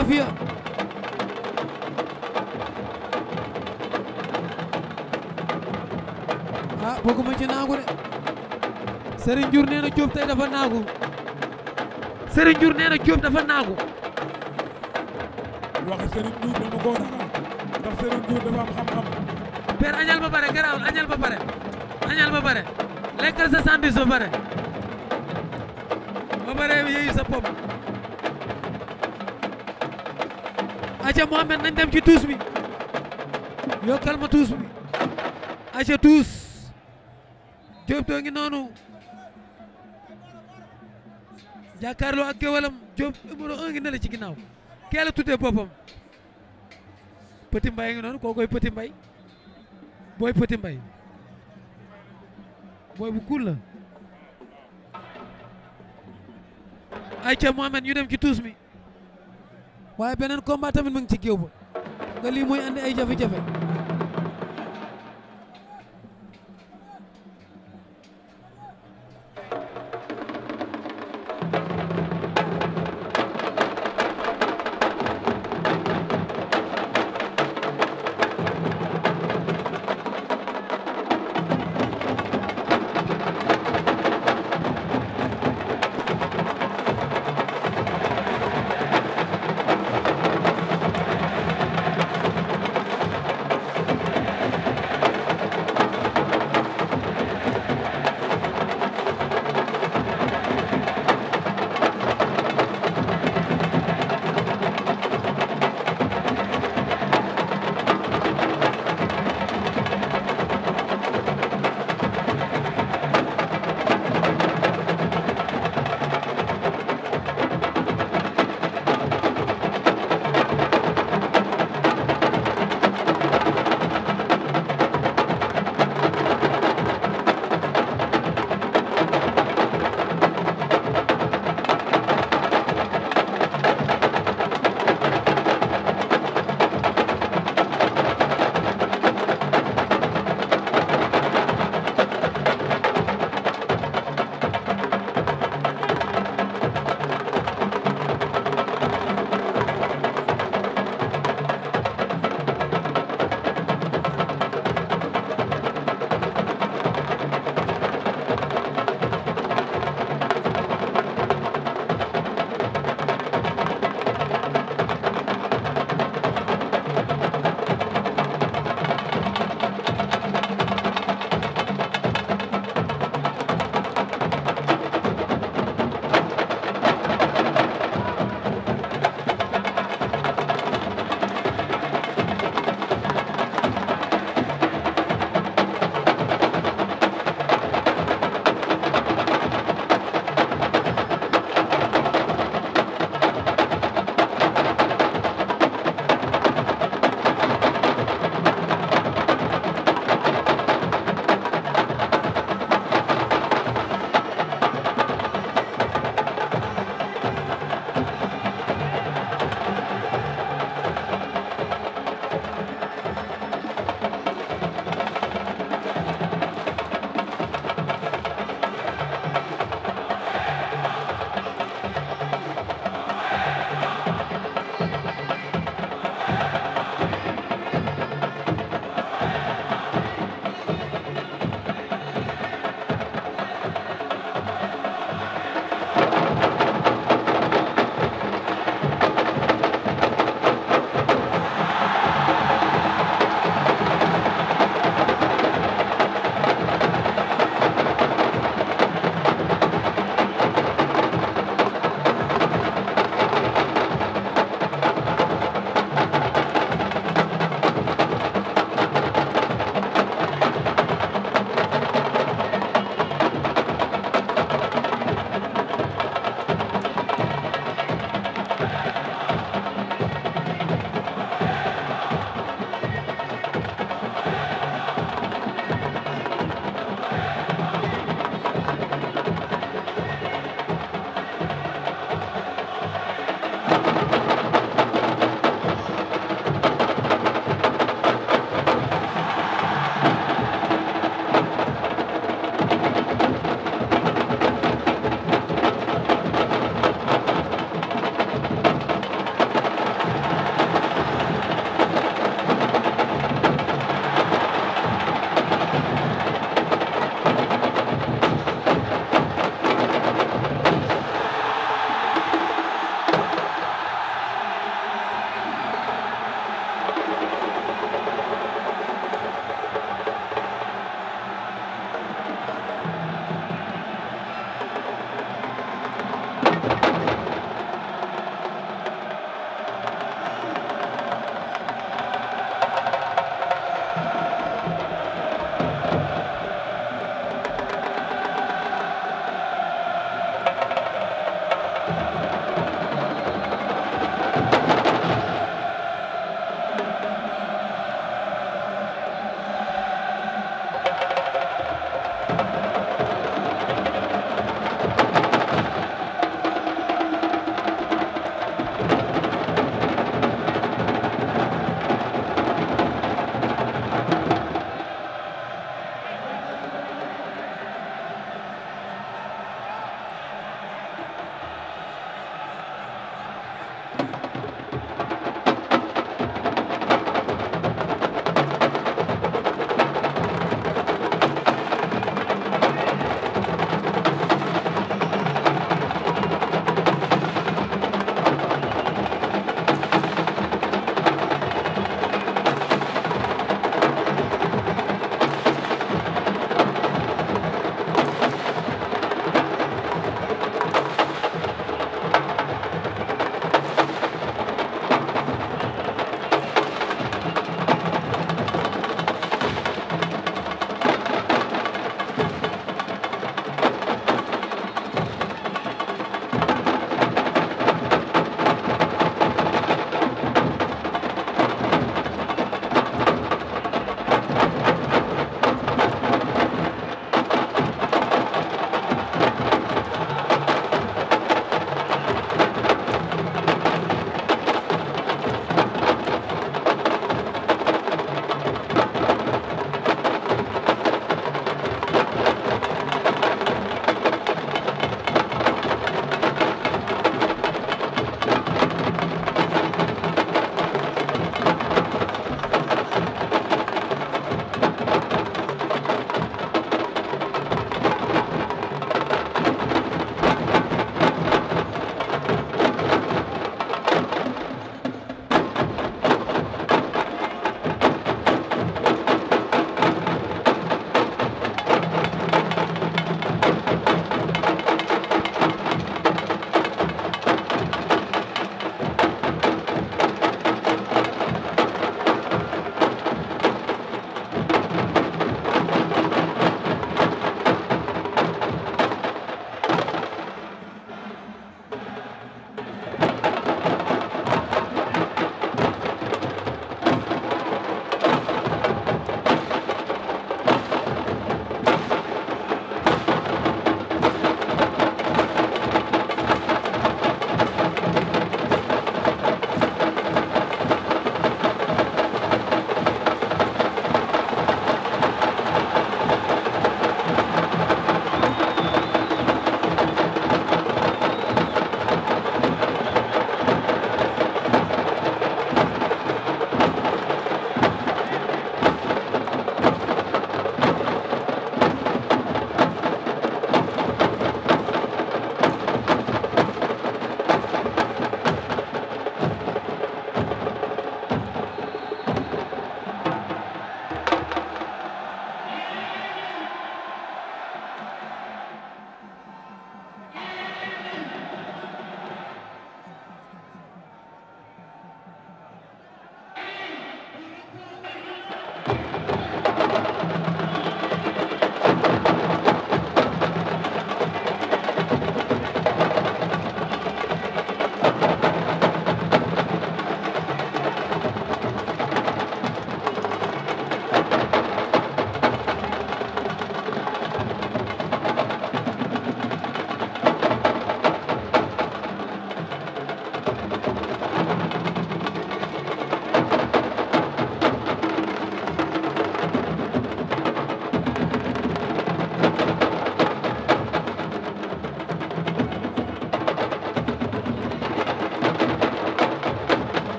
Afia ah bëgguma ci naagu de Serigne Diour nee na tey dafa naagu Serigne Diour nee dafa naagu wax Serigne Diour dama koo ragal ndax Serigne dafa am xam-xam père añal ba pare garaawul añal ba pare añal ba pare lekkal sa sandwich ba pare ba pare yeeyu sa pop aca Mohamed nañ dem ci tuus bi yokkal ma tuus bi aca tuus Diop too ngi noonu jàkkaarloo ak géwalam Diop numéro 1 ngi ci ginnaaw kee la tuddee boppam Petit Mbaye ngi noonu koo koy Petit Mbaye booy Petit Mbaye bu kuul la aca Mohamed ñu dem ci tuus mi waaye beneen combat tamit ma ngi ci géew ba nga lii mooy andi ay jafe-jafe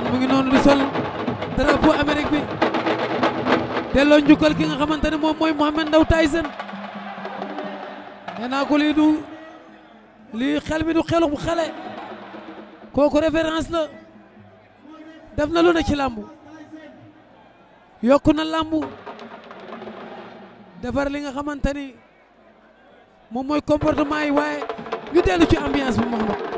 ndeysaan mu ngi noonu di sol drapeau Amérique bi delloo jukkal ki nga xamante ne moom mooy Mohamed Ndao Tyson nee naa ko lii du lii xel du xelu bu xale kooku référence la def na lu ne ci làmb yokku na làmb defar li nga xamante ni moom mooy comportement yi waaye ñu dellu ci ambiance bi Mohamed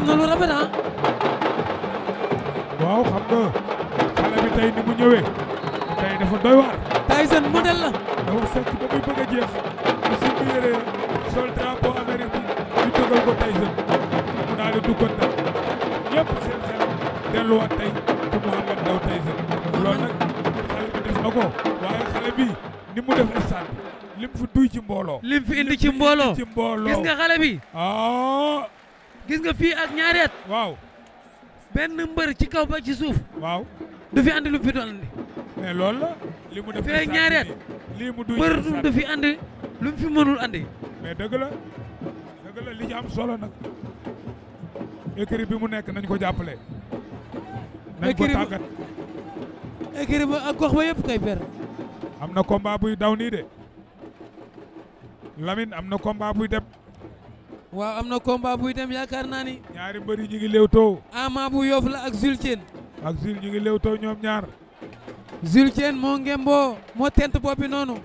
def na lu ah. waaw xam nga xale bi tey ni mu ñëwee tey dafa doy waar. Tyson modèle la. dafa fekk ba muy bëgg a jeex mu si mu sol drapeau Amérique bi ñu tëgal ko Tyson mu daal di duggoon nag seen xel delluwaat tey ci Mouhamed Ndao Tyson loolu nag xale bi def na ko waaye xale bi ni mu def stade bi lim fi duy ci mbooloo. lim fi indi ci mbooloo gis nga xale bi. Ah! gis nga fii ak ñaari at. waaw. benn mbër ci kaw ba ci suuf. waaw du fi andi lu fi doon andi. mais loolu la li mu def fee lii mu du mbër du fi andi lu mu fi mënul andi. mais dëgg la dëgg la li solo nag. écurie bi mu nekk nañ ko jàppale. nañ ko tàggat écurie ba ak gox ba yëpp kay per. am na combat buy daw nii de Lamine am na combat buy dem. waaw am na combat buy dem yaakaar naa ni. ñaari mbër yi ñu ngi léewtoo. Ama bu Yoff la ak Jules Thiene. ak Jules ñu ngi léewtoo ñoom ñaar. Jules Thiene moo ngemboo moo tent boppi noonu.